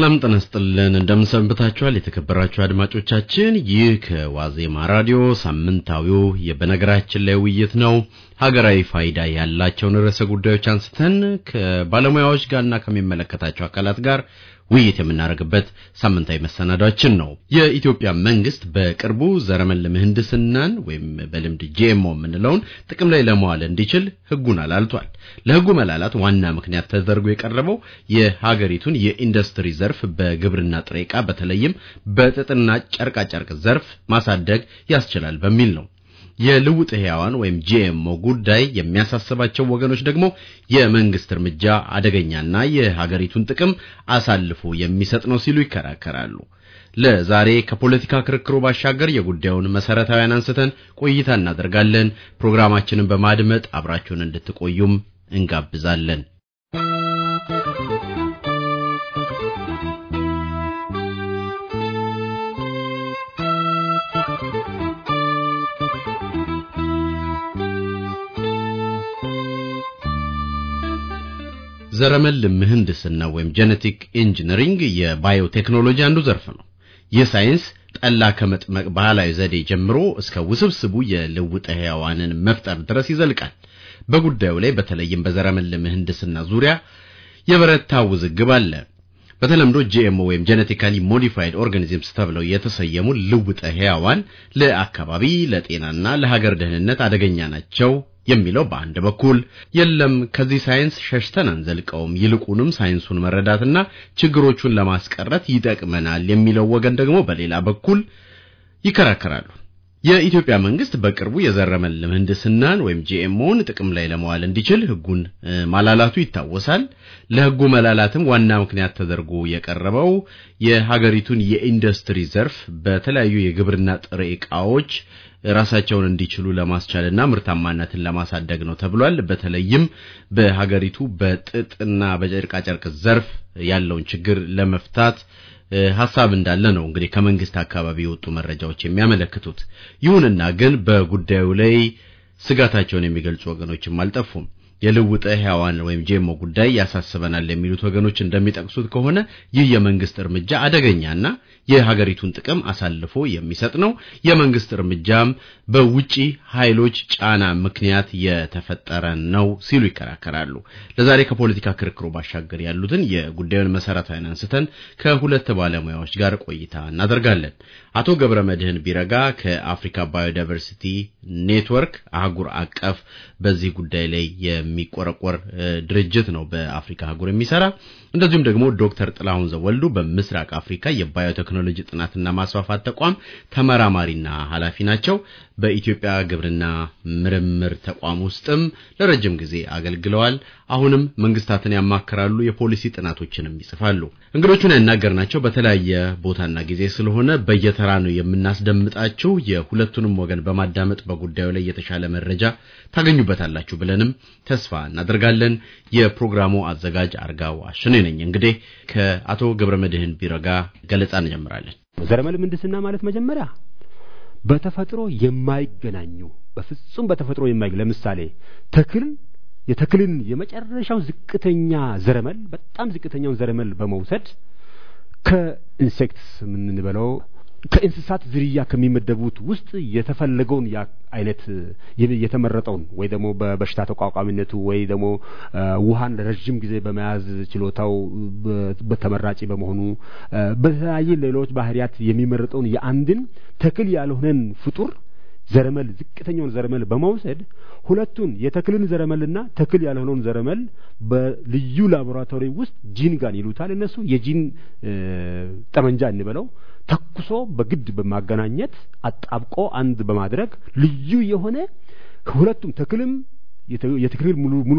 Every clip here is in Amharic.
ሰላም ጤና እንደምንሰንብታችኋል የተከበራችሁ አድማጮቻችን። ይህ ከዋዜማ ራዲዮ ሳምንታዊው የበነገራችን ላይ ውይይት ነው። ሀገራዊ ፋይዳ ያላቸውን ርዕሰ ጉዳዮች አንስተን ከባለሙያዎች ጋርና ከሚመለከታቸው አካላት ጋር ውይይት የምናደርግበት ሳምንታዊ መሰናዷችን ነው። የኢትዮጵያ መንግስት በቅርቡ ዘረመል ምህንድስናን ወይም በልምድ ጂኤምኦ የምንለውን ጥቅም ላይ ለመዋል እንዲችል ህጉን አላልቷል። ለህጉ መላላት ዋና ምክንያት ተደርጎ የቀረበው የሀገሪቱን የኢንዱስትሪ ዘርፍ በግብርና ጥሬ ዕቃ በተለይም በጥጥና ጨርቃጨርቅ ዘርፍ ማሳደግ ያስችላል በሚል ነው። የልውጥ ሕያዋን ወይም ጂኤምኦ ጉዳይ የሚያሳስባቸው ወገኖች ደግሞ የመንግስት እርምጃ አደገኛና የሀገሪቱን ጥቅም አሳልፎ የሚሰጥ ነው ሲሉ ይከራከራሉ። ለዛሬ ከፖለቲካ ክርክሩ ባሻገር የጉዳዩን መሰረታዊያን አንስተን ቆይታ እናደርጋለን። ፕሮግራማችንን በማድመጥ አብራችሁን እንድትቆዩም እንጋብዛለን። ዘረመል ምህንድስና ወይም ጄኔቲክ ኢንጂነሪንግ የባዮቴክኖሎጂ አንዱ ዘርፍ ነው። ይህ ሳይንስ ጠላ ከመጥመቅ ባህላዊ ዘዴ ጀምሮ እስከ ውስብስቡ የልውጥ ሕያዋንን መፍጠር ድረስ ይዘልቃል። በጉዳዩ ላይ በተለይም በዘረመል ምህንድስና ዙሪያ የበረታ ውዝግብ አለ። በተለምዶ ጂኤምኦ ወይም ጄኔቲካሊ ሞዲፋይድ ኦርጋኒዝምስ ተብለው የተሰየሙ ልውጠ ሕያዋን ለአካባቢ፣ ለጤናና ለሀገር ደህንነት አደገኛ ናቸው የሚለው በአንድ በኩል የለም ከዚህ ሳይንስ ሸሽተን አንዘልቀውም፣ ይልቁንም ሳይንሱን መረዳትና ችግሮቹን ለማስቀረት ይጠቅመናል የሚለው ወገን ደግሞ በሌላ በኩል ይከራከራሉ። የኢትዮጵያ መንግስት በቅርቡ የዘረመል ምህንድስናን ወይም ጂኤምኦን ጥቅም ላይ ለመዋል እንዲችል ህጉን ማላላቱ ይታወሳል። ለህጉ መላላትም ዋና ምክንያት ተደርጎ የቀረበው የሀገሪቱን የኢንዱስትሪ ዘርፍ በተለያዩ የግብርና ጥሬ ዕቃዎች ራሳቸውን እንዲችሉ ለማስቻልና ምርታማነትን ለማሳደግ ነው ተብሏል። በተለይም በሀገሪቱ በጥጥና በጨርቃጨርቅ ዘርፍ ያለውን ችግር ለመፍታት ሀሳብ እንዳለ ነው እንግዲህ ከመንግስት አካባቢ የወጡ መረጃዎች የሚያመለክቱት። ይሁንና ግን በጉዳዩ ላይ ስጋታቸውን የሚገልጹ ወገኖችም አልጠፉም። የልውጠ ሕያዋን ወይም ጄሞ ጉዳይ ያሳስበናል የሚሉት ወገኖች እንደሚጠቅሱት ከሆነ ይህ የመንግስት እርምጃ አደገኛና የሀገሪቱን ጥቅም አሳልፎ የሚሰጥ ነው። የመንግስት እርምጃም በውጪ ኃይሎች ጫና ምክንያት የተፈጠረ ነው ሲሉ ይከራከራሉ። ለዛሬ ከፖለቲካ ክርክሩ ባሻገር ያሉትን የጉዳዩን መሰረታዊን አንስተን ከሁለት ባለሙያዎች ጋር ቆይታ እናደርጋለን። አቶ ገብረ መድህን ቢረጋ ከአፍሪካ ባዮዳይቨርሲቲ ኔትወርክ አህጉር አቀፍ በዚህ ጉዳይ ላይ የሚቆረቆር ድርጅት ነው በአፍሪካ አህጉር የሚሰራ እንደዚሁም ደግሞ ዶክተር ጥላሁን ዘወልዱ በምስራቅ አፍሪካ የባዮቴክኖሎጂ ጥናትና ማስፋፋት ተቋም ተመራማሪና ኃላፊ ናቸው። በኢትዮጵያ ግብርና ምርምር ተቋም ውስጥም ለረጅም ጊዜ አገልግለዋል። አሁንም መንግስታትን ያማክራሉ፣ የፖሊሲ ጥናቶችንም ይጽፋሉ። እንግዶቹን ያናገርናቸው በተለያየ ቦታና ጊዜ ስለሆነ በየተራ ነው የምናስደምጣችሁ። የሁለቱንም ወገን በማዳመጥ በጉዳዩ ላይ የተሻለ መረጃ ታገኙበታላችሁ ብለንም ተስፋ እናደርጋለን። የፕሮግራሙ አዘጋጅ አርጋው አሽኔ ነኝ። እንግዲህ ከአቶ ገብረ መድህን ቢረጋ ገለጻ እንጀምራለን። ዘረመል ምንድስና ማለት መጀመሪያ በተፈጥሮ የማይገናኙ በፍጹም በተፈጥሮ የማይ ለምሳሌ ተክል የተክልን የመጨረሻው ዝቅተኛ ዘረመል በጣም ዝቅተኛውን ዘረመል በመውሰድ ከኢንሴክትስ የምንበለው ከእንስሳት ዝርያ ከሚመደቡት ውስጥ የተፈለገውን አይነት የተመረጠውን ወይ ደግሞ በበሽታ ተቋቋሚነቱ ወይ ደግሞ ውሃን ለረዥም ጊዜ በመያዝ ችሎታው በተመራጭ በመሆኑ በተለያየ ሌሎች ባህሪያት የሚመረጠውን የአንድን ተክል ያልሆነን ፍጡር ዘረመል ዝቅተኛውን ዘረመል በመውሰድ ሁለቱን የተክልን ዘረመልና ተክል ያልሆነውን ዘረመል በልዩ ላቦራቶሪ ውስጥ ጂን ጋን ይሉታል እነሱ የጂን ጠመንጃ እንበለው ተኩሶ በግድ በማገናኘት አጣብቆ አንድ በማድረግ ልዩ የሆነ ሁለቱም ተክልም የትክክል ሙሉ ሙሉ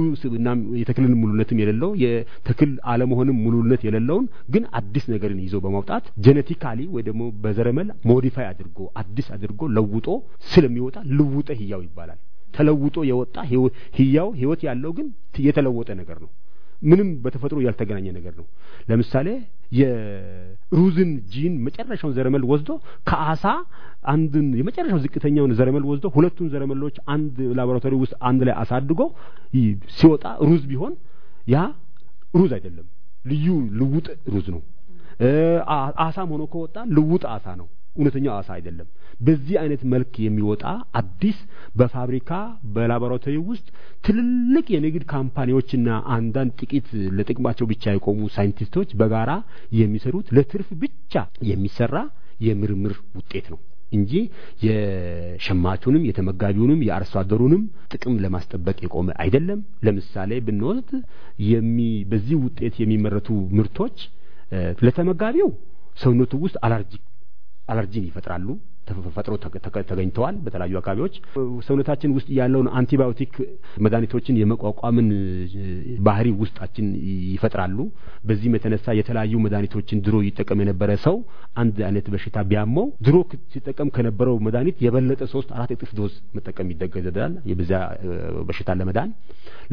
የተክልን ሙሉነትም የሌለው የተክል አለመሆንም ሙሉነት የሌለውን ግን አዲስ ነገርን ይዞ በማውጣት ጄኔቲካሊ ወይ ደግሞ በዘረመል ሞዲፋይ አድርጎ አዲስ አድርጎ ለውጦ ስለሚወጣ ልውጠ ህያው ይባላል። ተለውጦ የወጣ ህያው ህይወት ያለው ግን የተለወጠ ነገር ነው። ምንም በተፈጥሮ ያልተገናኘ ነገር ነው። ለምሳሌ የሩዝን ጂን መጨረሻውን ዘረመል ወስዶ ከአሳ አንድን የመጨረሻው ዝቅተኛውን ዘረመል ወስዶ ሁለቱን ዘረመሎች አንድ ላቦራቶሪ ውስጥ አንድ ላይ አሳድጎ ሲወጣ ሩዝ ቢሆን ያ ሩዝ አይደለም፣ ልዩ ልውጥ ሩዝ ነው። አሳም ሆኖ ከወጣ ልውጥ አሳ ነው። እውነተኛው አሳ አይደለም። በዚህ አይነት መልክ የሚወጣ አዲስ በፋብሪካ በላቦራቶሪ ውስጥ ትልልቅ የንግድ ካምፓኒዎችና አንዳንድ ጥቂት ለጥቅማቸው ብቻ የቆሙ ሳይንቲስቶች በጋራ የሚሰሩት ለትርፍ ብቻ የሚሰራ የምርምር ውጤት ነው እንጂ የሸማቹንም የተመጋቢውንም የአርሶ አደሩንም ጥቅም ለማስጠበቅ የቆመ አይደለም። ለምሳሌ ብንወስድ በዚህ ውጤት የሚመረቱ ምርቶች ለተመጋቢው ሰውነቱ ውስጥ አላርጂክ አለርጂን ይፈጥራሉ ተፈጥሮ ተገኝተዋል። በተለያዩ አካባቢዎች ሰውነታችን ውስጥ ያለውን አንቲባዮቲክ መድኃኒቶችን የመቋቋምን ባህሪ ውስጣችን ይፈጥራሉ። በዚህም የተነሳ የተለያዩ መድኃኒቶችን ድሮ ይጠቀም የነበረ ሰው አንድ አይነት በሽታ ቢያመው ድሮ ሲጠቀም ከነበረው መድኃኒት የበለጠ ሶስት አራት እጥፍ ዶዝ መጠቀም ይደገዘዳል የበዚያ በሽታ ለመዳን።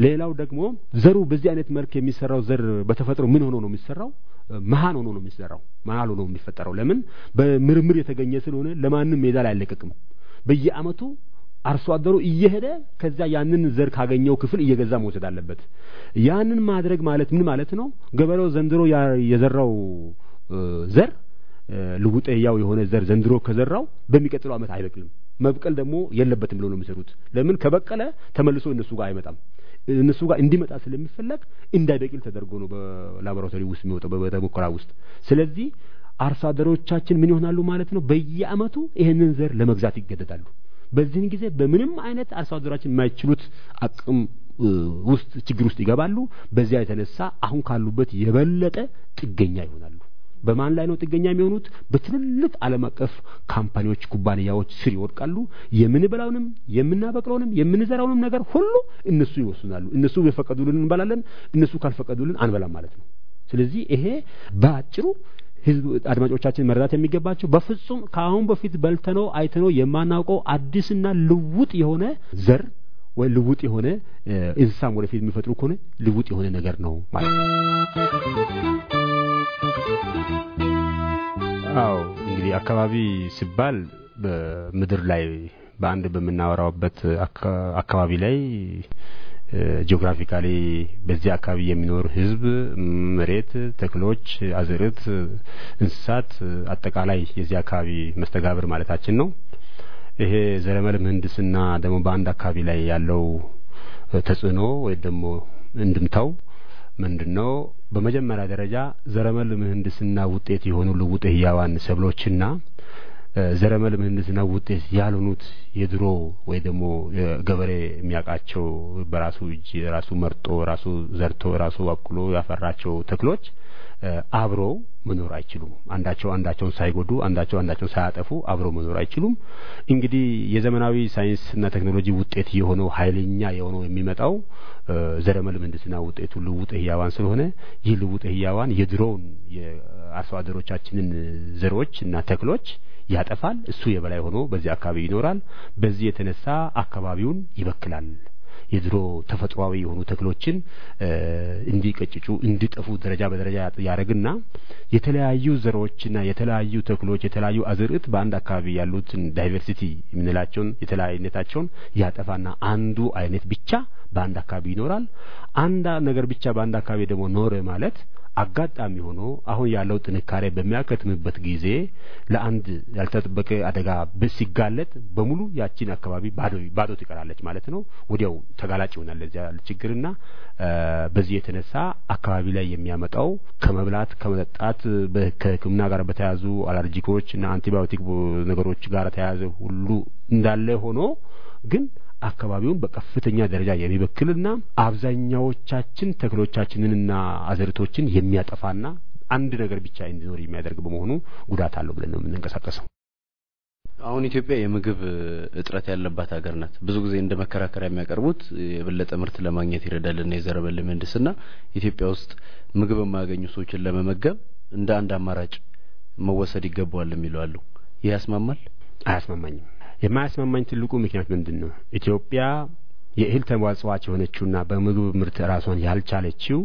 ሌላው ደግሞ ዘሩ በዚህ አይነት መልክ የሚሰራው ዘር በተፈጥሮ ምን ሆኖ ነው የሚሰራው? መሀን ሆኖ ነው የሚሰራው፣ መሀል ሆኖ የሚፈጠረው። ለምን በምርምር የተገኘ ስለሆነ ለማንም ሜዳ ላይ አይለቀቅም። በየአመቱ አርሶ አደሩ እየሄደ ከዛ ያንን ዘር ካገኘው ክፍል እየገዛ መውሰድ አለበት። ያንን ማድረግ ማለት ምን ማለት ነው? ገበሬው ዘንድሮ የዘራው ዘር ልውጤያው የሆነ ዘር ዘንድሮ ከዘራው በሚቀጥለው አመት አይበቅልም። መብቀል ደግሞ የለበትም ብሎ ነው የሚሰሩት። ለምን ከበቀለ ተመልሶ እነሱ ጋር አይመጣም። እነሱ ጋር እንዲመጣ ስለሚፈለግ እንዳይበቅል ተደርጎ ነው በላቦራቶሪ ውስጥ የሚወጣው በሙከራ ውስጥ። ስለዚህ አርሶ አደሮቻችን ምን ይሆናሉ ማለት ነው? በየአመቱ ይህንን ዘር ለመግዛት ይገደዳሉ። በዚህን ጊዜ በምንም አይነት አርሶ የማይችሉት አቅም ውስጥ ችግር ውስጥ ይገባሉ። በዚያ የተነሳ አሁን ካሉበት የበለጠ ጥገኛ ይሆናሉ። በማን ላይ ነው ጥገኛ የሚሆኑት? በትልልቅ ዓለም አቀፍ ካምፓኒዎች፣ ኩባንያዎች ስር ይወድቃሉ። የምንበላውንም የምናበቅለውንም የምንዘራውንም ነገር ሁሉ እነሱ ይወስናሉ። እነሱ በፈቀዱልን እንበላለን፣ እነሱ ካልፈቀዱልን አንበላም ማለት ነው። ስለዚህ ይሄ በአጭሩ ህዝብ አድማጮቻችን መረዳት የሚገባቸው በፍጹም ከአሁን በፊት በልተነው አይተነው የማናውቀው አዲስና ልውጥ የሆነ ዘር ወይ ልውጥ የሆነ እንስሳም ወደፊት የሚፈጥሩ ከሆነ ልውጥ የሆነ ነገር ነው ማለት ነው። አዎ እንግዲህ አካባቢ ሲባል በምድር ላይ በአንድ በምናወራበት አካባቢ ላይ ጂኦግራፊካሊ በዚህ አካባቢ የሚኖር ህዝብ፣ መሬት፣ ተክሎች፣ አዝርት፣ እንስሳት አጠቃላይ የዚህ አካባቢ መስተጋብር ማለታችን ነው። ይሄ ዘረመል ምህንድስና ደግሞ በአንድ አካባቢ ላይ ያለው ተጽዕኖ ወይም ደግሞ እንድምታው ነው? በመጀመሪያ ደረጃ ዘረመል ምህንድስና ውጤት የሆኑ ልውጥ ህያዋን ሰብሎችና ዘረመል ምህንድስና ውጤት ያልሆኑት የድሮ ወይ ደግሞ ገበሬ የሚያውቃቸው በራሱ እጅ ራሱ መርጦ ራሱ ዘርቶ ራሱ አብቅሎ ያፈራቸው ተክሎች አብሮ መኖር አይችሉም። አንዳቸው አንዳቸውን ሳይጎዱ፣ አንዳቸው አንዳቸውን ሳያጠፉ አብሮ መኖር አይችሉም። እንግዲህ የዘመናዊ ሳይንስና ቴክኖሎጂ ውጤት የሆነው ኃይለኛ የሆነው የሚመጣው ዘረመል ምህንድስና ውጤቱ ልውጥ ህያዋን ስለሆነ ይህ ልውጥ ህያዋን የድሮውን የአርሶ አደሮቻችንን ዘሮች እና ተክሎች ያጠፋል። እሱ የበላይ ሆኖ በዚህ አካባቢ ይኖራል። በዚህ የተነሳ አካባቢውን ይበክላል። የድሮ ተፈጥሯዊ የሆኑ ተክሎችን እንዲቀጭጩ እንዲጠፉ ደረጃ በደረጃ ያደረግና የተለያዩ ዘሮችና የተለያዩ ተክሎች የተለያዩ አዝርዕት በአንድ አካባቢ ያሉትን ዳይቨርሲቲ የምንላቸውን የተለያይነታቸውን ያጠፋና አንዱ አይነት ብቻ በአንድ አካባቢ ይኖራል። አንድ ነገር ብቻ በአንድ አካባቢ ደግሞ ኖረ ማለት አጋጣሚ ሆኖ አሁን ያለው ጥንካሬ በሚያከትምበት ጊዜ ለአንድ ያልተጠበቀ አደጋ ሲጋለጥ በሙሉ ያቺን አካባቢ ባዶ ትቀራለች ማለት ነው። ወዲያው ተጋላጭ ይሆናል ለዚያ ችግርና በዚህ የተነሳ አካባቢ ላይ የሚያመጣው ከመብላት ከመጠጣት፣ ከሕክምና ጋር በተያያዙ አላርጂኮች እና አንቲባዮቲክ ነገሮች ጋር ተያያዘ ሁሉ እንዳለ ሆኖ ግን አካባቢውን በከፍተኛ ደረጃ የሚበክልና አብዛኛዎቻችን ተክሎቻችንንና አዝርቶችን የሚያጠፋና አንድ ነገር ብቻ እንዲኖር የሚያደርግ በመሆኑ ጉዳት አለው ብለን ነው የምንንቀሳቀሰው። አሁን ኢትዮጵያ የምግብ እጥረት ያለባት ሀገር ናት። ብዙ ጊዜ እንደ መከራከሪያ የሚያቀርቡት የበለጠ ምርት ለማግኘት ይረዳልና የዘረመል ምህንድስና ኢትዮጵያ ውስጥ ምግብ የማያገኙ ሰዎችን ለመመገብ እንደ አንድ አማራጭ መወሰድ ይገባዋል የሚለዋሉ። ይህ ያስማማል? አያስማማኝም። የማያስማማኝ ትልቁ ምክንያት ምንድን ነው? ኢትዮጵያ የእህል ተዋጽዋች የሆነችውና በምግብ ምርት ራሷን ያልቻለችው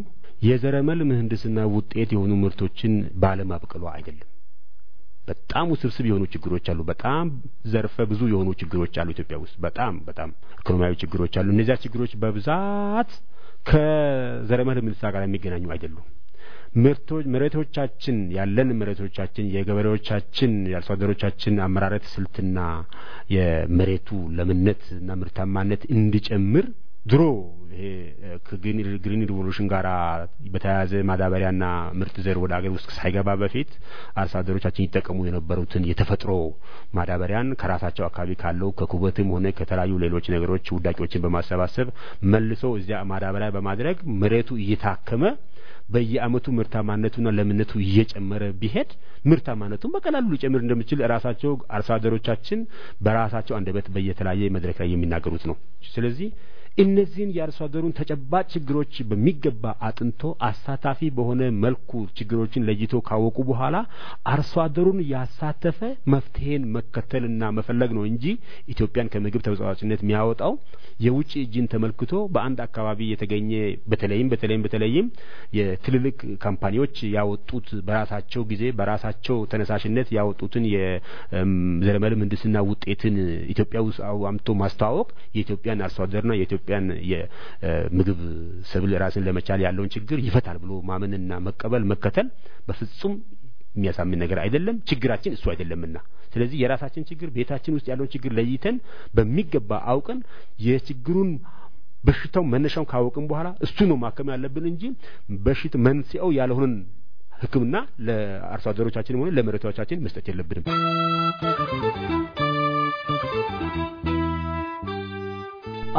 የዘረመል ምህንድስና ውጤት የሆኑ ምርቶችን ባለማብቀሏ አይደለም። በጣም ውስብስብ የሆኑ ችግሮች አሉ። በጣም ዘርፈ ብዙ የሆኑ ችግሮች አሉ ኢትዮጵያ ውስጥ በጣም በጣም ኢኮኖሚያዊ ችግሮች አሉ። እነዚያ ችግሮች በብዛት ከዘረመል ምህንድስና ጋር የሚገናኙ አይደሉም። መሬቶቻችን ያለን መሬቶቻችን የገበሬዎቻችን የአርሶ አደሮቻችን አመራረት ስልትና የመሬቱ ለምነትና ምርታማነት እንዲጨምር ድሮ ይሄ ከግሪን ሪቮሉሽን ጋር በተያያዘ ማዳበሪያና ምርጥ ዘር ወደ አገር ውስጥ ሳይገባ በፊት አርሶ አደሮቻችን ይጠቀሙ የነበሩትን የተፈጥሮ ማዳበሪያን ከራሳቸው አካባቢ ካለው ከኩበትም ሆነ ከተለያዩ ሌሎች ነገሮች ውዳቂዎችን በማሰባሰብ መልሶ እዚያ ማዳበሪያ በማድረግ መሬቱ እየታከመ በየአመቱ ምርታማነቱና ለምነቱ እየጨመረ ቢሄድ ምርታማነቱን በቀላሉ ሊጨምር እንደሚችል ራሳቸው አርሶ አደሮቻችን በራሳቸው አንደበት በየተለያየ መድረክ ላይ የሚናገሩት ነው። ስለዚህ እነዚህን የአርሶ አደሩን ተጨባጭ ችግሮች በሚገባ አጥንቶ አሳታፊ በሆነ መልኩ ችግሮችን ለይቶ ካወቁ በኋላ አርሶ አደሩን ያሳተፈ መፍትሄን መከተልና መፈለግ ነው እንጂ ኢትዮጵያን ከምግብ ተወጻዋጭነት የሚያወጣው የውጭ እጅን ተመልክቶ በአንድ አካባቢ የተገኘ በተለይም በተለይም በተለይም የትልልቅ ካምፓኒዎች ያወጡት በራሳቸው ጊዜ በራሳቸው ተነሳሽነት ያወጡትን የዘረመል ምህንድስና ውጤትን ኢትዮጵያ ውስጥ አምቶ ማስተዋወቅ የኢትዮጵያን አርሶ አደርና የኢትዮጵያን የምግብ ሰብል ራስን ለመቻል ያለውን ችግር ይፈታል ብሎ ማመንና መቀበል መከተል በፍጹም የሚያሳምን ነገር አይደለም። ችግራችን እሱ አይደለምና፣ ስለዚህ የራሳችን ችግር ቤታችን ውስጥ ያለውን ችግር ለይተን በሚገባ አውቀን የችግሩን በሽታው መነሻውን ካወቅን በኋላ እሱ ነው ማከም ያለብን እንጂ በሽት መንስኤው ያልሆነን ሕክምና ለአርሶ አደሮቻችንም ሆነ ለመሬታዎቻችን መስጠት የለብንም።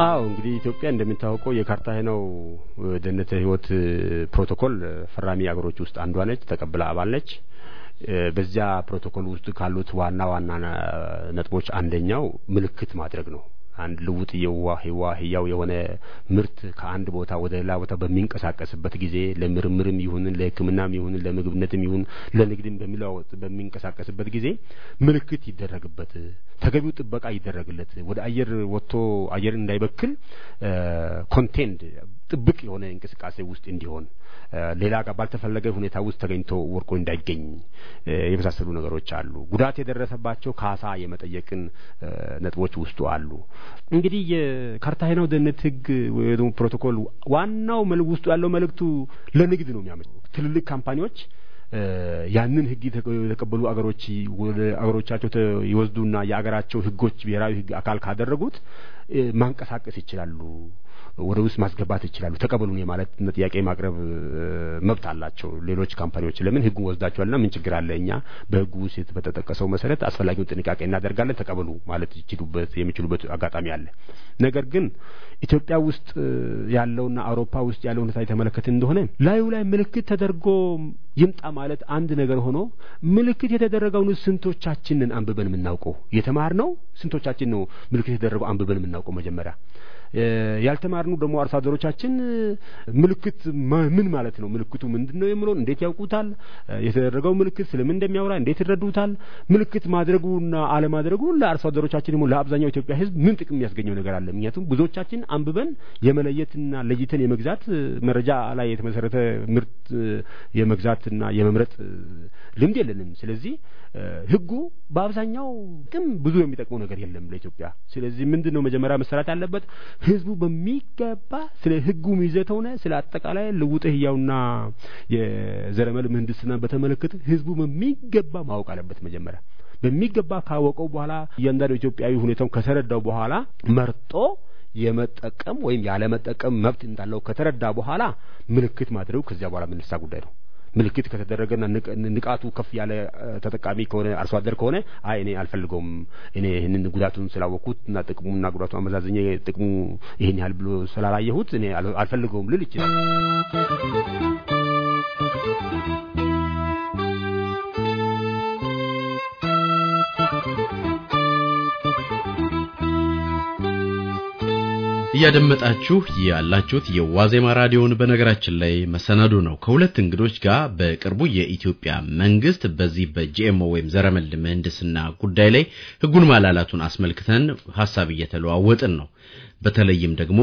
አዎ እንግዲህ ኢትዮጵያ እንደሚታወቀው የካርታሄናው ደህንነት ህይወት ፕሮቶኮል ፈራሚ ሀገሮች ውስጥ አንዷ ነች፣ ተቀብላ አባል ነች። በዚያ ፕሮቶኮል ውስጥ ካሉት ዋና ዋና ነጥቦች አንደኛው ምልክት ማድረግ ነው። አንድ ልውጥ የዋህ የዋህ ያው የሆነ ምርት ከአንድ ቦታ ወደ ሌላ ቦታ በሚንቀሳቀስበት ጊዜ ለምርምርም ይሁን ለሕክምናም ይሁን ለምግብነትም ይሁን ለንግድም በሚለዋወጥ በሚንቀሳቀስበት ጊዜ ምልክት ይደረግበት፣ ተገቢው ጥበቃ ይደረግለት፣ ወደ አየር ወጥቶ አየር እንዳይበክል ኮንቴንድ ጥብቅ የሆነ እንቅስቃሴ ውስጥ እንዲሆን ሌላ ጋር ባልተፈለገ ሁኔታ ውስጥ ተገኝቶ ወርቆ እንዳይገኝ የመሳሰሉ ነገሮች አሉ። ጉዳት የደረሰባቸው ካሳ የመጠየቅን ነጥቦች ውስጡ አሉ። እንግዲህ የካርታሄናው ደህንነት ህግ ወይ ደግሞ ፕሮቶኮል ዋናው መልክ ውስጡ ያለው መልእክቱ ለንግድ ነው የሚያመ ትልልቅ ካምፓኒዎች ያንን ህግ የተቀበሉ አገሮች ወደ አገሮቻቸው ይወስዱና የአገራቸው ህጎች ብሔራዊ ህግ አካል ካደረጉት ማንቀሳቀስ ይችላሉ። ወደ ውስጥ ማስገባት ይችላሉ ተቀበሉን የማለት ጥያቄ ማቅረብ መብት አላቸው ሌሎች ካምፓኒዎች ለምን ህጉ ወስዳቸዋልና ምን ችግር አለ እኛ በህጉ ውስጥ በተጠቀሰው መሰረት አስፈላጊውን ጥንቃቄ እናደርጋለን ተቀበሉ ማለት ይችሉበት የሚችሉበት አጋጣሚ አለ ነገር ግን ኢትዮጵያ ውስጥ ያለውና አውሮፓ ውስጥ ያለው ሁኔታ የተመለከትን እንደሆነ ላዩ ላይ ምልክት ተደርጎ ይምጣ ማለት አንድ ነገር ሆኖ ምልክት የተደረገውን ስንቶቻችንን አንብበን የምናውቀው የተማር ነው? ስንቶቻችን ነው ምልክት የተደረገው አንብበን የምናውቀው? መጀመሪያ ያልተማርኑ ደግሞ አርሶ አደሮቻችን ምልክት ምን ማለት ነው፣ ምልክቱ ምንድን ነው የምለውን እንዴት ያውቁታል? የተደረገው ምልክት ስለምን እንደሚያወራ እንዴት ይረዱታል? ምልክት ማድረጉና አለማድረጉ ለአርሶ አደሮቻችን ደግሞ ለአብዛኛው ኢትዮጵያ ህዝብ ምን ጥቅም የሚያስገኘው ነገር አለ? ምክንያቱም ብዙዎቻችን አንብበን የመለየትና ለይተን የመግዛት መረጃ ላይ የተመሰረተ ምርት የመግዛት የመግባትና የመምረጥ ልምድ የለንም። ስለዚህ ህጉ በአብዛኛው ግን ብዙ የሚጠቅመው ነገር የለም ለኢትዮጵያ። ስለዚህ ምንድን ነው መጀመሪያ መሰራት ያለበት? ህዝቡ በሚገባ ስለ ህጉ ይዘት ሆነ ስለ አጠቃላይ ልውጥ ህያውና የዘረመል ምህንድስና በተመለከተ ህዝቡ በሚገባ ማወቅ አለበት መጀመሪያ በሚገባ ካወቀው በኋላ እያንዳንዱ ኢትዮጵያዊ ሁኔታውን ከተረዳው በኋላ መርጦ የመጠቀም ወይም ያለመጠቀም መብት እንዳለው ከተረዳ በኋላ ምልክት ማድረጉ ከዚያ በኋላ የምንሳ ጉዳይ ነው። ምልክት ከተደረገና ንቃቱ ከፍ ያለ ተጠቃሚ ከሆነ አርሶ አደር ከሆነ አይ እኔ አልፈልገውም እኔ ይህንን ጉዳቱን ስላወቅኩት እና ጥቅሙና ጉዳቱ አመዛዝኜ ጥቅሙ ይህን ያህል ብሎ ስላላየሁት እኔ አልፈልገውም ልል ይችላል። እያደመጣችሁ ያላችሁት የዋዜማ ራዲዮን በነገራችን ላይ መሰናዶ ነው ከሁለት እንግዶች ጋር በቅርቡ የኢትዮጵያ መንግስት በዚህ በጂኤምኦ ወይም ዘረመል ምህንድስና ጉዳይ ላይ ህጉን ማላላቱን አስመልክተን ሀሳብ እየተለዋወጥን ነው። በተለይም ደግሞ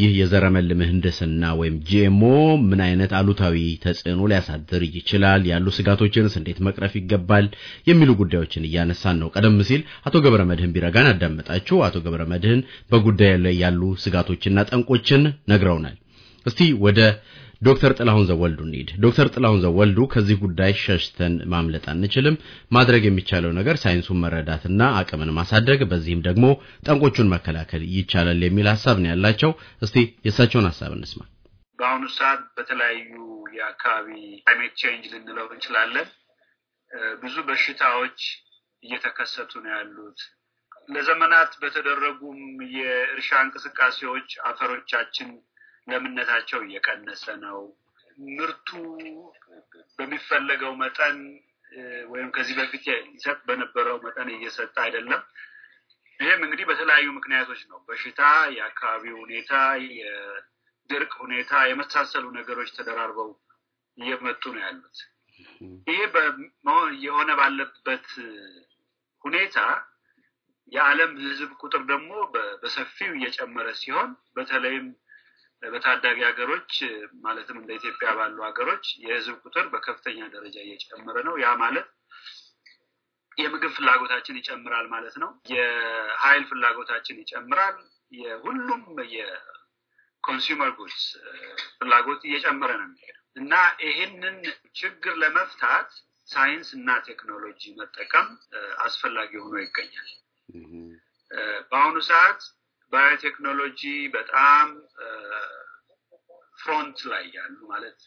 ይህ የዘረመል ምህንድስና ወይም ጂኤምኦ ምን አይነት አሉታዊ ተጽዕኖ ሊያሳድር ይችላል፣ ያሉ ስጋቶችንስ እንዴት መቅረፍ ይገባል የሚሉ ጉዳዮችን እያነሳን ነው። ቀደም ሲል አቶ ገብረ መድህን ቢረጋን አዳመጣችሁ። አቶ ገብረ መድህን በጉዳዩ ላይ ያሉ ስጋቶችና ጠንቆችን ነግረውናል። እስቲ ወደ ዶክተር ጥላሁን ዘወልዱ እንሂድ። ዶክተር ጥላሁን ዘወልዱ ከዚህ ጉዳይ ሸሽተን ማምለጥ አንችልም። ማድረግ የሚቻለው ነገር ሳይንሱን መረዳትና አቅምን ማሳደግ፣ በዚህም ደግሞ ጠንቆቹን መከላከል ይቻላል የሚል ሀሳብ ነው ያላቸው። እስቲ የእሳቸውን ሀሳብ እንስማ። በአሁኑ ሰዓት በተለያዩ የአካባቢ ክላይሜት ቼንጅ ልንለው እንችላለን ብዙ በሽታዎች እየተከሰቱ ነው ያሉት። ለዘመናት በተደረጉም የእርሻ እንቅስቃሴዎች አፈሮቻችን ለምነታቸው እየቀነሰ ነው። ምርቱ በሚፈለገው መጠን ወይም ከዚህ በፊት ይሰጥ በነበረው መጠን እየሰጠ አይደለም። ይህም እንግዲህ በተለያዩ ምክንያቶች ነው። በሽታ፣ የአካባቢው ሁኔታ፣ የድርቅ ሁኔታ የመሳሰሉ ነገሮች ተደራርበው እየመጡ ነው ያሉት። ይሄ የሆነ ባለበት ሁኔታ የዓለም ሕዝብ ቁጥር ደግሞ በሰፊው እየጨመረ ሲሆን በተለይም በታዳጊ ሀገሮች ማለትም እንደ ኢትዮጵያ ባሉ ሀገሮች የህዝብ ቁጥር በከፍተኛ ደረጃ እየጨመረ ነው። ያ ማለት የምግብ ፍላጎታችን ይጨምራል ማለት ነው። የኃይል ፍላጎታችን ይጨምራል። የሁሉም የኮንሱመር ጉድስ ፍላጎት እየጨመረ ነው የሚሄደው እና ይህንን ችግር ለመፍታት ሳይንስ እና ቴክኖሎጂ መጠቀም አስፈላጊ ሆኖ ይገኛል በአሁኑ ሰዓት ባዮቴክኖሎጂ በጣም ፍሮንት ላይ ያሉ ማለት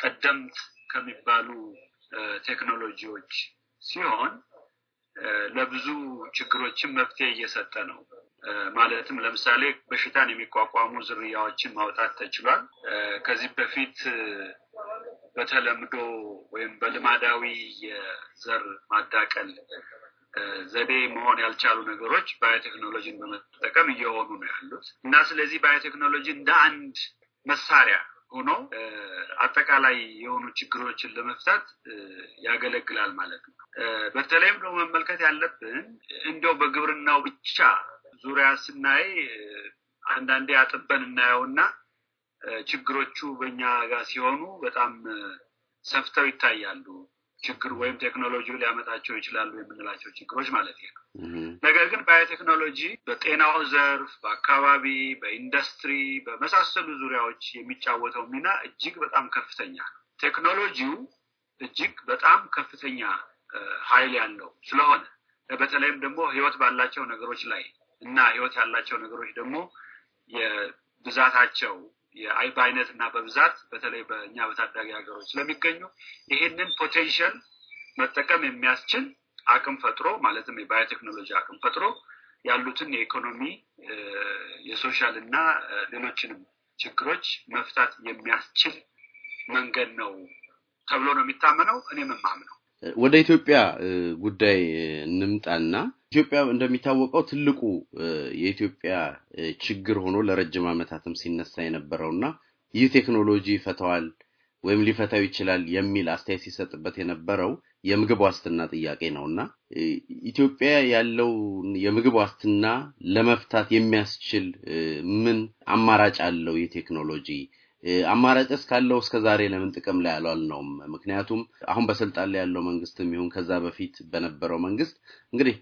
ቀደምት ከሚባሉ ቴክኖሎጂዎች ሲሆን ለብዙ ችግሮችን መፍትሄ እየሰጠ ነው። ማለትም ለምሳሌ በሽታን የሚቋቋሙ ዝርያዎችን ማውጣት ተችሏል። ከዚህ በፊት በተለምዶ ወይም በልማዳዊ የዘር ማዳቀል ዘዴ መሆን ያልቻሉ ነገሮች ባዮቴክኖሎጂን በመጠቀም እየሆኑ ነው ያሉት እና ስለዚህ ባዮቴክኖሎጂ እንደ አንድ መሳሪያ ሆኖ አጠቃላይ የሆኑ ችግሮችን ለመፍታት ያገለግላል ማለት ነው። በተለይም ደግሞ መመልከት ያለብን እንደው በግብርናው ብቻ ዙሪያ ስናይ አንዳንዴ አጥበን እናየውና ችግሮቹ በእኛ ጋር ሲሆኑ በጣም ሰፍተው ይታያሉ። ችግር ወይም ቴክኖሎጂው ሊያመጣቸው ይችላሉ የምንላቸው ችግሮች ማለት ነው። ነገር ግን ባዮቴክኖሎጂ በጤናው ዘርፍ፣ በአካባቢ፣ በኢንዱስትሪ፣ በመሳሰሉ ዙሪያዎች የሚጫወተው ሚና እጅግ በጣም ከፍተኛ ነው። ቴክኖሎጂው እጅግ በጣም ከፍተኛ ኃይል ያለው ስለሆነ በተለይም ደግሞ ሕይወት ባላቸው ነገሮች ላይ እና ሕይወት ያላቸው ነገሮች ደግሞ የብዛታቸው በአይነት እና በብዛት በተለይ በእኛ በታዳጊ ሀገሮች ስለሚገኙ ይህንን ፖቴንሽል መጠቀም የሚያስችል አቅም ፈጥሮ ማለትም የባዮቴክኖሎጂ አቅም ፈጥሮ ያሉትን የኢኮኖሚ የሶሻል እና ሌሎችንም ችግሮች መፍታት የሚያስችል መንገድ ነው ተብሎ ነው የሚታመነው። እኔ የማምነው ወደ ኢትዮጵያ ጉዳይ እንምጣና ኢትዮጵያ እንደሚታወቀው ትልቁ የኢትዮጵያ ችግር ሆኖ ለረጅም ዓመታትም ሲነሳ የነበረውና ይህ ቴክኖሎጂ ይፈተዋል ወይም ሊፈታው ይችላል የሚል አስተያየት ሲሰጥበት የነበረው የምግብ ዋስትና ጥያቄ ነውና ኢትዮጵያ ያለውን የምግብ ዋስትና ለመፍታት የሚያስችል ምን አማራጭ አለው የቴክኖሎጂ ቴክኖሎጂ? አማራጭስ ካለው እስከ ዛሬ ለምን ጥቅም ላይ ነው። ምክንያቱም አሁን በስልጣን ላይ ያለው መንግስትም ይሁን ከዛ በፊት በነበረው መንግስት እንግዲህ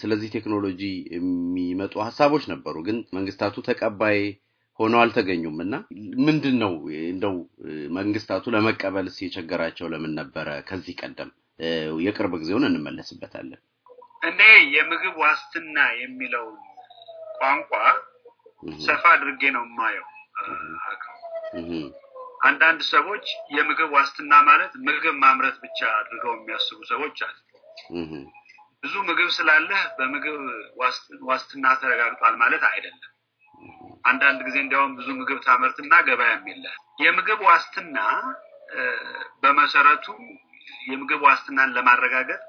ስለዚህ ቴክኖሎጂ የሚመጡ ሀሳቦች ነበሩ፣ ግን መንግስታቱ ተቀባይ ሆነው አልተገኙም እና ምንድን ነው እንደው መንግስታቱ ለመቀበል የቸገራቸው ለምን ነበረ? ከዚህ ቀደም የቅርብ ጊዜውን እንመለስበታለን። እኔ የምግብ ዋስትና የሚለውን ቋንቋ ሰፋ አድርጌ ነው የማየው አንዳንድ ሰዎች የምግብ ዋስትና ማለት ምግብ ማምረት ብቻ አድርገው የሚያስቡ ሰዎች አሉ። ብዙ ምግብ ስላለህ በምግብ ዋስትና ተረጋግጧል ማለት አይደለም። አንዳንድ ጊዜ እንዲያውም ብዙ ምግብ ታመርትና ገበያም የለህም። የምግብ ዋስትና በመሰረቱ የምግብ ዋስትናን ለማረጋገጥ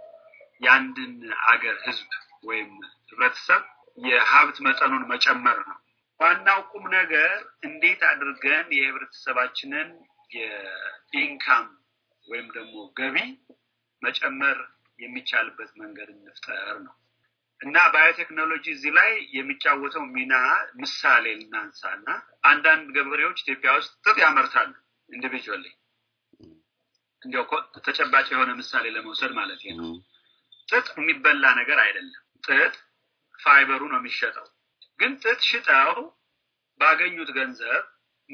የአንድን አገር ሕዝብ ወይም ህብረተሰብ የሀብት መጠኑን መጨመር ነው። ዋናው ቁም ነገር እንዴት አድርገን የህብረተሰባችንን የኢንካም ወይም ደግሞ ገቢ መጨመር የሚቻልበት መንገድ እንፍጠር ነው እና ባዮቴክኖሎጂ እዚህ ላይ የሚጫወተው ሚና ምሳሌ ልናንሳ እና አንዳንድ ገበሬዎች ኢትዮጵያ ውስጥ ጥጥ ያመርታሉ ኢንዲቪጁዋሊ እንዲያው ተጨባጭ የሆነ ምሳሌ ለመውሰድ ማለት ነው። ጥጥ የሚበላ ነገር አይደለም። ጥጥ ፋይበሩ ነው የሚሸጠው። ግን ጥጥ ሽጠው ባገኙት ገንዘብ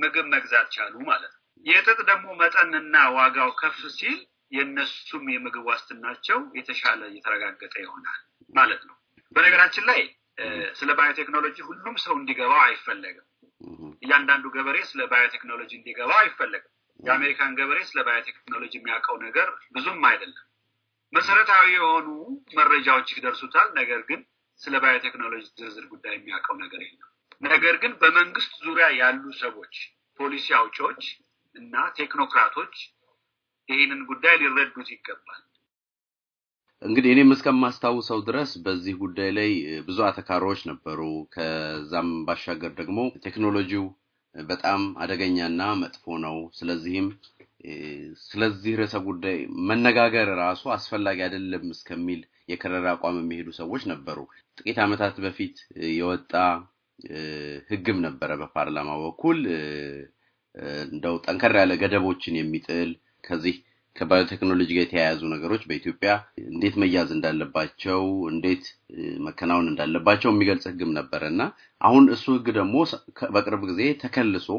ምግብ መግዛት ቻሉ ማለት ነው። የጥጥ ደግሞ መጠንና ዋጋው ከፍ ሲል የእነሱም የምግብ ዋስትናቸው የተሻለ እየተረጋገጠ ይሆናል ማለት ነው። በነገራችን ላይ ስለ ባዮቴክኖሎጂ ሁሉም ሰው እንዲገባው አይፈለግም። እያንዳንዱ ገበሬ ስለ ባዮቴክኖሎጂ እንዲገባው አይፈለግም። የአሜሪካን ገበሬ ስለ ባዮቴክኖሎጂ የሚያውቀው ነገር ብዙም አይደለም። መሰረታዊ የሆኑ መረጃዎች ይደርሱታል። ነገር ግን ስለ ባዮቴክኖሎጂ ዝርዝር ጉዳይ የሚያውቀው ነገር የለም። ነገር ግን በመንግስት ዙሪያ ያሉ ሰዎች፣ ፖሊሲ አውጪዎች እና ቴክኖክራቶች ይህንን ጉዳይ ሊረዱት ይገባል። እንግዲህ እኔም እስከማስታውሰው ድረስ በዚህ ጉዳይ ላይ ብዙ አተካሮዎች ነበሩ። ከዛም ባሻገር ደግሞ ቴክኖሎጂው በጣም አደገኛና መጥፎ ነው፣ ስለዚህም ስለዚህ ርዕሰ ጉዳይ መነጋገር ራሱ አስፈላጊ አይደለም እስከሚል የከረረ አቋም የሚሄዱ ሰዎች ነበሩ። ጥቂት ዓመታት በፊት የወጣ ሕግም ነበረ በፓርላማ በኩል እንደው ጠንከር ያለ ገደቦችን የሚጥል ከዚህ ከባዮቴክኖሎጂ ጋር የተያያዙ ነገሮች በኢትዮጵያ እንዴት መያዝ እንዳለባቸው እንዴት መከናወን እንዳለባቸው የሚገልጽ ህግም ነበረ እና አሁን እሱ ህግ ደግሞ በቅርብ ጊዜ ተከልሶ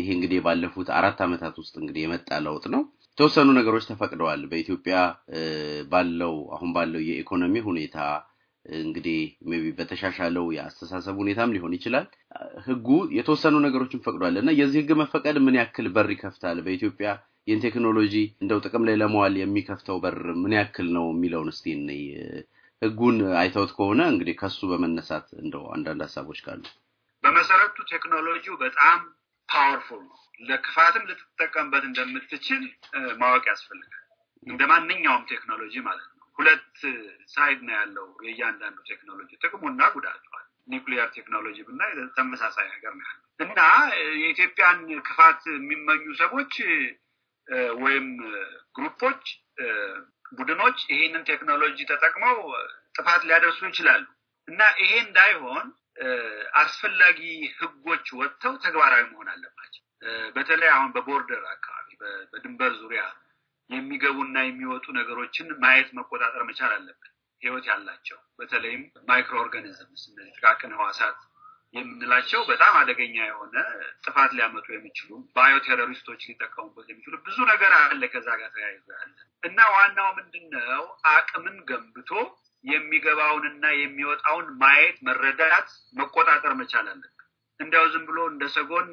ይሄ እንግዲህ ባለፉት አራት ዓመታት ውስጥ እንግዲህ የመጣ ለውጥ ነው። የተወሰኑ ነገሮች ተፈቅደዋል። በኢትዮጵያ ባለው አሁን ባለው የኢኮኖሚ ሁኔታ እንግዲህ ቢ በተሻሻለው የአስተሳሰብ ሁኔታም ሊሆን ይችላል ህጉ የተወሰኑ ነገሮችን ፈቅዷል እና የዚህ ህግ መፈቀድ ምን ያክል በር ይከፍታል? በኢትዮጵያ ይህን ቴክኖሎጂ እንደው ጥቅም ላይ ለመዋል የሚከፍተው በር ምን ያክል ነው የሚለውን እስቲ ህጉን አይተውት ከሆነ እንግዲህ ከሱ በመነሳት እንደው አንዳንድ ሀሳቦች ካሉ በመሰረቱ ቴክኖሎጂው በጣም ፓወርፉል ነው። ለክፋትም ልትጠቀምበት እንደምትችል ማወቅ ያስፈልጋል። እንደ ማንኛውም ቴክኖሎጂ ማለት ነው። ሁለት ሳይድ ነው ያለው የእያንዳንዱ ቴክኖሎጂ ጥቅሙና ጉዳቷል። ኒውክሊየር ቴክኖሎጂ ብናይ ተመሳሳይ ነገር ነው ያለው እና የኢትዮጵያን ክፋት የሚመኙ ሰዎች ወይም ግሩፖች፣ ቡድኖች ይህንን ቴክኖሎጂ ተጠቅመው ጥፋት ሊያደርሱ ይችላሉ እና ይሄ እንዳይሆን አስፈላጊ ህጎች ወጥተው ተግባራዊ መሆን አለባቸው። በተለይ አሁን በቦርደር አካባቢ በድንበር ዙሪያ የሚገቡና የሚወጡ ነገሮችን ማየት መቆጣጠር መቻል አለብን። ህይወት ያላቸው በተለይም ማይክሮ ኦርጋኒዝምስ እነዚህ ጥቃቅን ህዋሳት የምንላቸው በጣም አደገኛ የሆነ ጥፋት ሊያመጡ የሚችሉ ቴሮሪስቶች ሊጠቀሙበት የሚችሉ ብዙ ነገር አለ። ከዛ ጋር ተያይዘ እና ዋናው ምንድን ነው አቅምን ገንብቶ የሚገባውንና የሚወጣውን ማየት፣ መረዳት፣ መቆጣጠር መቻል አለብን። እንዲያው ዝም ብሎ እንደ ሰጎን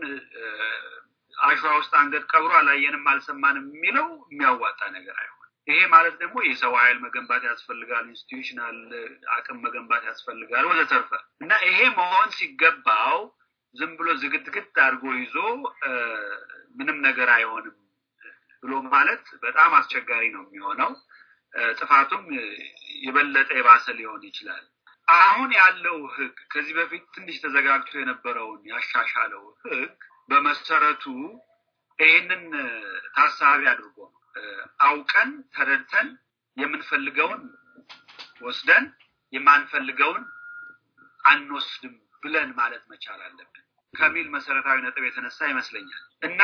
አሸዋ ውስጥ አንገት ቀብሮ አላየንም አልሰማንም የሚለው የሚያዋጣ ነገር አይሆን ይሄ ማለት ደግሞ የሰው ኃይል መገንባት ያስፈልጋል፣ ኢንስቲትዩሽናል አቅም መገንባት ያስፈልጋል ወዘተርፈ እና ይሄ መሆን ሲገባው ዝም ብሎ ዝግትግት አድርጎ ይዞ ምንም ነገር አይሆንም ብሎ ማለት በጣም አስቸጋሪ ነው የሚሆነው። ጥፋቱም የበለጠ የባሰ ሊሆን ይችላል። አሁን ያለው ህግ ከዚህ በፊት ትንሽ ተዘጋግቶ የነበረውን ያሻሻለው ህግ በመሰረቱ ይህንን ታሳቢ አድርጎ ነው። አውቀን ተረድተን የምንፈልገውን ወስደን የማንፈልገውን አንወስድም ብለን ማለት መቻል አለብን ከሚል መሰረታዊ ነጥብ የተነሳ ይመስለኛል እና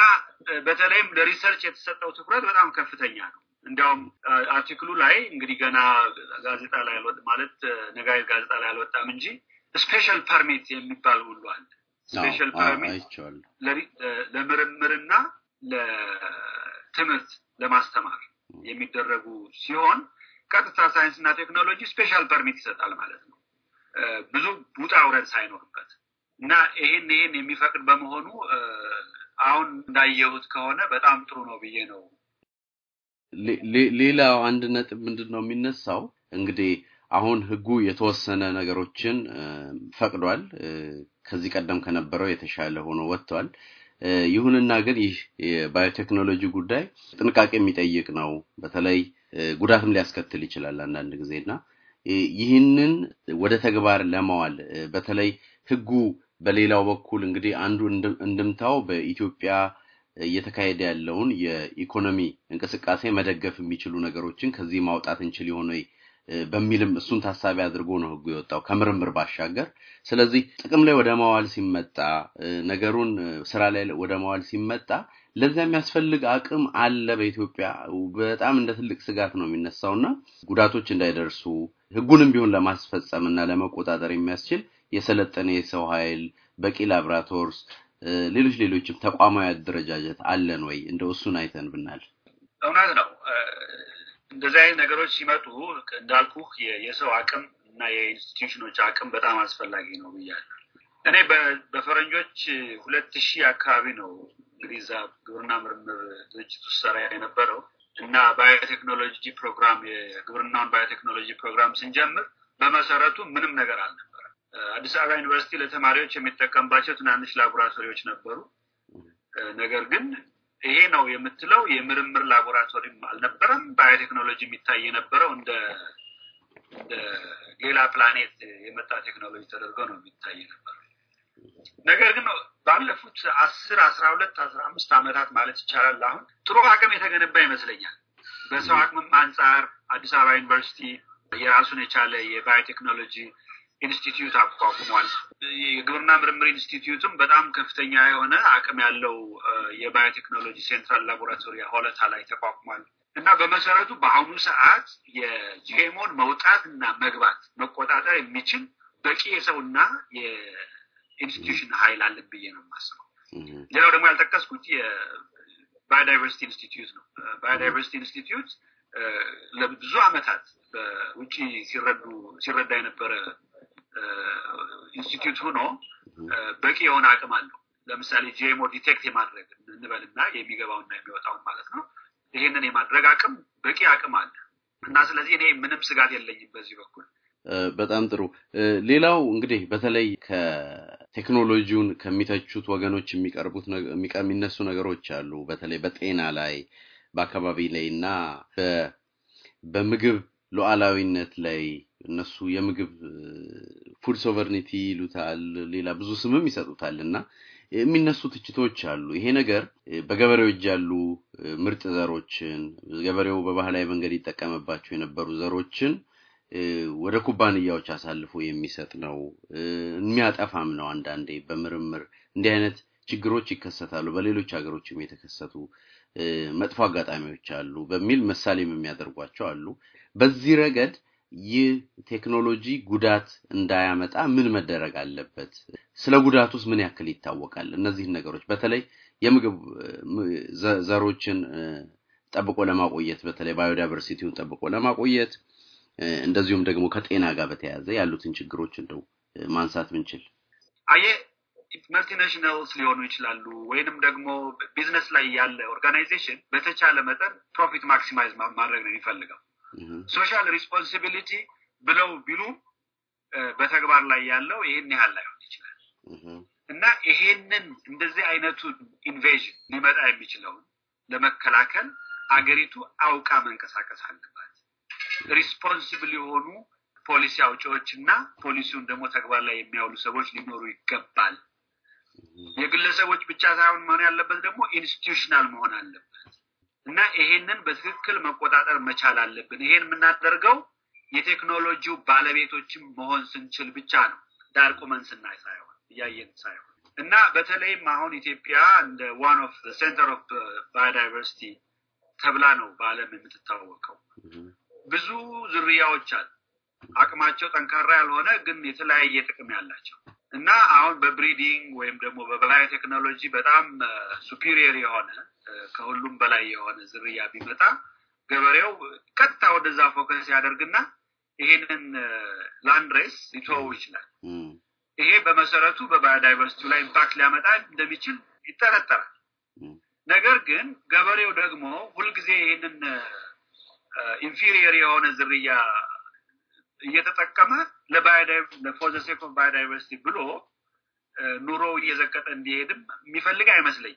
በተለይም ለሪሰርች የተሰጠው ትኩረት በጣም ከፍተኛ ነው። እንዲያውም አርቲክሉ ላይ እንግዲህ ገና ጋዜጣ ላይ አልወጣም ማለት ነጋሪት ጋዜጣ ላይ አልወጣም እንጂ ስፔሻል ፐርሚት የሚባል ሁሉ አለ። ስፔሻል ፐርሚት ለምርምርና ለትምህርት ለማስተማር የሚደረጉ ሲሆን ቀጥታ ሳይንስና ቴክኖሎጂ ስፔሻል ፐርሚት ይሰጣል ማለት ነው። ብዙ ቡጣ ውረድ ሳይኖርበት እና ይሄን ይሄን የሚፈቅድ በመሆኑ አሁን እንዳየሁት ከሆነ በጣም ጥሩ ነው ብዬ ነው ሌላው አንድ ነጥብ ምንድን ነው የሚነሳው እንግዲህ አሁን ህጉ የተወሰነ ነገሮችን ፈቅዷል። ከዚህ ቀደም ከነበረው የተሻለ ሆኖ ወጥቷል። ይሁንና ግን ይህ የባዮቴክኖሎጂ ጉዳይ ጥንቃቄ የሚጠይቅ ነው። በተለይ ጉዳትም ሊያስከትል ይችላል አንዳንድ ጊዜና ይህንን ወደ ተግባር ለማዋል በተለይ ህጉ በሌላው በኩል እንግዲህ አንዱ እንድምታው በኢትዮጵያ እየተካሄደ ያለውን የኢኮኖሚ እንቅስቃሴ መደገፍ የሚችሉ ነገሮችን ከዚህ ማውጣት እንችል የሆነ በሚልም እሱን ታሳቢ አድርጎ ነው ህጉ የወጣው ከምርምር ባሻገር። ስለዚህ ጥቅም ላይ ወደ መዋል ሲመጣ፣ ነገሩን ስራ ላይ ወደ መዋል ሲመጣ ለዚያ የሚያስፈልግ አቅም አለ በኢትዮጵያ። በጣም እንደ ትልቅ ስጋት ነው የሚነሳው እና ጉዳቶች እንዳይደርሱ ህጉንም ቢሆን ለማስፈጸም እና ለመቆጣጠር የሚያስችል የሰለጠነ የሰው ኃይል፣ በቂ ላብራቶርስ፣ ሌሎች ሌሎችም ተቋማዊ አደረጃጀት አለን ወይ? እንደ እሱን አይተን ብናል። እውነት ነው። እንደዚህ አይነት ነገሮች ሲመጡ እንዳልኩ የሰው አቅም እና የኢንስቲትዩሽኖች አቅም በጣም አስፈላጊ ነው ብያለሁ። እኔ በፈረንጆች ሁለት ሺህ አካባቢ ነው እንግዲህ እዛ ግብርና ምርምር ድርጅት ሰራ የነበረው እና ባዮቴክኖሎጂ ፕሮግራም የግብርናውን ባዮቴክኖሎጂ ፕሮግራም ስንጀምር በመሰረቱ ምንም ነገር አለ አዲስ አበባ ዩኒቨርሲቲ ለተማሪዎች የሚጠቀምባቸው ትናንሽ ላቦራቶሪዎች ነበሩ። ነገር ግን ይሄ ነው የምትለው የምርምር ላቦራቶሪም አልነበረም። ባዮቴክኖሎጂ የሚታይ የነበረው እንደ ሌላ ፕላኔት የመጣ ቴክኖሎጂ ተደርጎ ነው የሚታይ ነበር። ነገር ግን ባለፉት አስር አስራ ሁለት አስራ አምስት ዓመታት ማለት ይቻላል አሁን ጥሩ አቅም የተገነባ ይመስለኛል። በሰው አቅምም አንጻር አዲስ አበባ ዩኒቨርሲቲ የራሱን የቻለ የባዮቴክኖሎጂ ኢንስቲትዩት አቋቁሟል። የግብርና ምርምር ኢንስቲትዩትም በጣም ከፍተኛ የሆነ አቅም ያለው የባዮቴክኖሎጂ ሴንትራል ላቦራቶሪ ሆለታ ላይ ተቋቁሟል እና በመሰረቱ በአሁኑ ሰዓት የጂኤሞን መውጣት እና መግባት መቆጣጠር የሚችል በቂ የሰውና የኢንስቲትዩሽን ኃይል አለን ብዬ ነው የማስበው። ሌላው ደግሞ ያልጠቀስኩት የባዮዳይቨርሲቲ ኢንስቲትዩት ነው። ባዮዳይቨርሲቲ ኢንስቲትዩት ለብዙ ዓመታት በውጭ ሲረዳ የነበረ ኢንስቲትዩት ሆኖ በቂ የሆነ አቅም አለው። ለምሳሌ ጂኤምኦ ዲቴክት የማድረግ እንበልና የሚገባውና የሚወጣውን ማለት ነው። ይህንን የማድረግ አቅም በቂ አቅም አለ እና ስለዚህ እኔ ምንም ስጋት የለኝም በዚህ በኩል። በጣም ጥሩ። ሌላው እንግዲህ በተለይ ከቴክኖሎጂውን ከሚተቹት ወገኖች የሚቀርቡት የሚነሱ ነገሮች አሉ። በተለይ በጤና ላይ፣ በአካባቢ ላይ እና በምግብ ሉዓላዊነት ላይ እነሱ የምግብ ፉድ ሶቨርኒቲ ይሉታል፣ ሌላ ብዙ ስምም ይሰጡታል እና የሚነሱ ትችቶች አሉ። ይሄ ነገር በገበሬው እጅ ያሉ ምርጥ ዘሮችን ገበሬው በባህላዊ መንገድ ይጠቀምባቸው የነበሩ ዘሮችን ወደ ኩባንያዎች አሳልፎ የሚሰጥ ነው፣ የሚያጠፋም ነው። አንዳንዴ በምርምር እንዲህ አይነት ችግሮች ይከሰታሉ፣ በሌሎች ሀገሮችም የተከሰቱ መጥፎ አጋጣሚዎች አሉ በሚል ምሳሌም የሚያደርጓቸው አሉ። በዚህ ረገድ ይህ ቴክኖሎጂ ጉዳት እንዳያመጣ ምን መደረግ አለበት? ስለ ጉዳት ውስጥ ምን ያክል ይታወቃል? እነዚህን ነገሮች በተለይ የምግብ ዘሮችን ጠብቆ ለማቆየት በተለይ ባዮዳይቨርሲቲውን ጠብቆ ለማቆየት እንደዚሁም ደግሞ ከጤና ጋር በተያያዘ ያሉትን ችግሮች እንደው ማንሳት ምንችል አየህ መልቲናሽናልስ ሊሆኑ ይችላሉ ወይንም ደግሞ ቢዝነስ ላይ ያለ ኦርጋናይዜሽን በተቻለ መጠን ፕሮፊት ማክሲማይዝ ማድረግ ነው የሚፈልገው። ሶሻል ሪስፖንሲቢሊቲ ብለው ቢሉ በተግባር ላይ ያለው ይህን ያህል ላይሆን ይችላል እና ይሄንን እንደዚህ አይነቱ ኢንቬዥን ሊመጣ የሚችለውን ለመከላከል አገሪቱ አውቃ መንቀሳቀስ አለባት። ሪስፖንስብል የሆኑ ፖሊሲ አውጪዎች እና ፖሊሲውን ደግሞ ተግባር ላይ የሚያውሉ ሰዎች ሊኖሩ ይገባል። የግለሰቦች ብቻ ሳይሆን መሆን ያለበት ደግሞ ኢንስቲቱሽናል መሆን አለበት እና ይሄንን በትክክል መቆጣጠር መቻል አለብን። ይሄን የምናደርገው የቴክኖሎጂው ባለቤቶችም መሆን ስንችል ብቻ ነው። ዳር ቁመን ስናይ ሳይሆን እያየን ሳይሆን እና በተለይም አሁን ኢትዮጵያ እንደ ዋን ኦፍ ሴንተር ኦፍ ባዮዳይቨርሲቲ ተብላ ነው በዓለም የምትታወቀው። ብዙ ዝርያዎች አሉ፣ አቅማቸው ጠንካራ ያልሆነ ግን የተለያየ ጥቅም ያላቸው እና አሁን በብሪዲንግ ወይም ደግሞ በበላይ ቴክኖሎጂ በጣም ሱፒሪየር የሆነ ከሁሉም በላይ የሆነ ዝርያ ቢመጣ ገበሬው ቀጥታ ወደዛ ፎከስ ያደርግና ይሄንን ላንድ ሬስ ሊተወው ይችላል። ይሄ በመሰረቱ በባዮዳይቨርሲቲ ላይ ኢምፓክት ሊያመጣ እንደሚችል ይጠረጠራል። ነገር ግን ገበሬው ደግሞ ሁልጊዜ ይህንን ኢንፊሪየር የሆነ ዝርያ እየተጠቀመ ለፎዘሴኮ ባዮዳይቨርሲቲ ብሎ ኑሮ እየዘቀጠ እንዲሄድም የሚፈልግ አይመስለኝ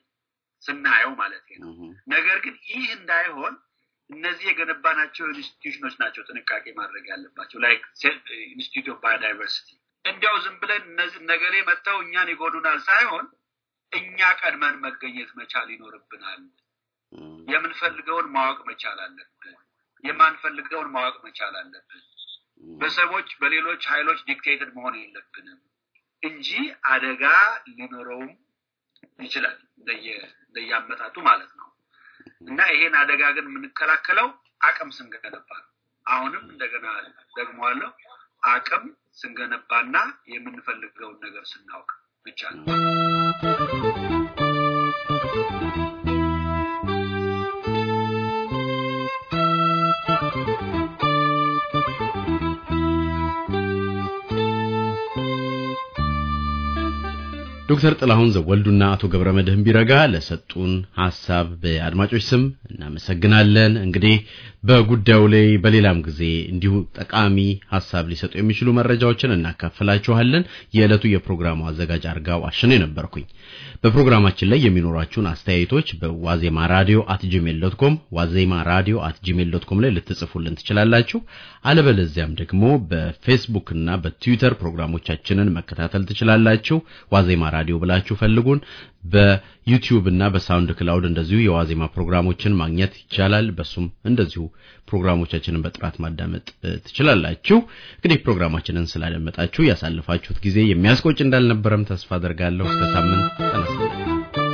ስናየው ማለት ነው። ነገር ግን ይህ እንዳይሆን እነዚህ የገነባናቸው ኢንስቲትዩሽኖች ናቸው ጥንቃቄ ማድረግ ያለባቸው። ላይክ ኢንስቲትዩት ኦፍ ባዮዳይቨርሲቲ እንዲያው ዝም ብለን እነዚህ ነገሬ መጥተው እኛን ይጎዱናል ሳይሆን እኛ ቀድመን መገኘት መቻል ይኖርብናል። የምንፈልገውን ማወቅ መቻል አለብን። የማንፈልገውን ማወቅ መቻል አለብን። በሰዎች በሌሎች ኃይሎች ዲክቴትድ መሆን የለብንም እንጂ አደጋ ሊኖረውም ይችላል እንደየአመጣጡ ማለት ነው። እና ይሄን አደጋ ግን የምንከላከለው አቅም ስንገነባ ነው። አሁንም እንደገና ደግሞዋለሁ፣ አቅም ስንገነባና የምንፈልገውን ነገር ስናውቅ ብቻ ነው። ዶክተር ጥላሁን ዘወልዱና አቶ ገብረ መድህን ቢረጋ ለሰጡን ሀሳብ በአድማጮች ስም እናመሰግናለን። እንግዲህ በጉዳዩ ላይ በሌላም ጊዜ እንዲሁ ጠቃሚ ሀሳብ ሊሰጡ የሚችሉ መረጃዎችን እናካፍላችኋለን። የዕለቱ የፕሮግራሙ አዘጋጅ አርጋው አሽኔ ነበርኩኝ። በፕሮግራማችን ላይ የሚኖራችሁን አስተያየቶች በዋዜማ ራዲዮ አት ጂሜል ዶት ኮም ዋዜማ ራዲዮ አት ጂሜል ዶት ኮም ላይ ልትጽፉልን ትችላላችሁ። አለበለዚያም ደግሞ በፌስቡክ እና በትዊተር ፕሮግራሞቻችንን መከታተል ትችላላችሁ። ዋዜማ ራዲዮ ብላችሁ ፈልጉን። በዩቲዩብ እና በሳውንድ ክላውድ እንደዚሁ የዋዜማ ፕሮግራሞችን ማግኘት ይቻላል። በሱም እንደዚሁ ፕሮግራሞቻችንን በጥራት ማዳመጥ ትችላላችሁ። እንግዲህ ፕሮግራማችንን ስላደመጣችሁ ያሳለፋችሁት ጊዜ የሚያስቆጭ እንዳልነበረም ተስፋ አደርጋለሁ። እስከ ሳምንት ተነስተ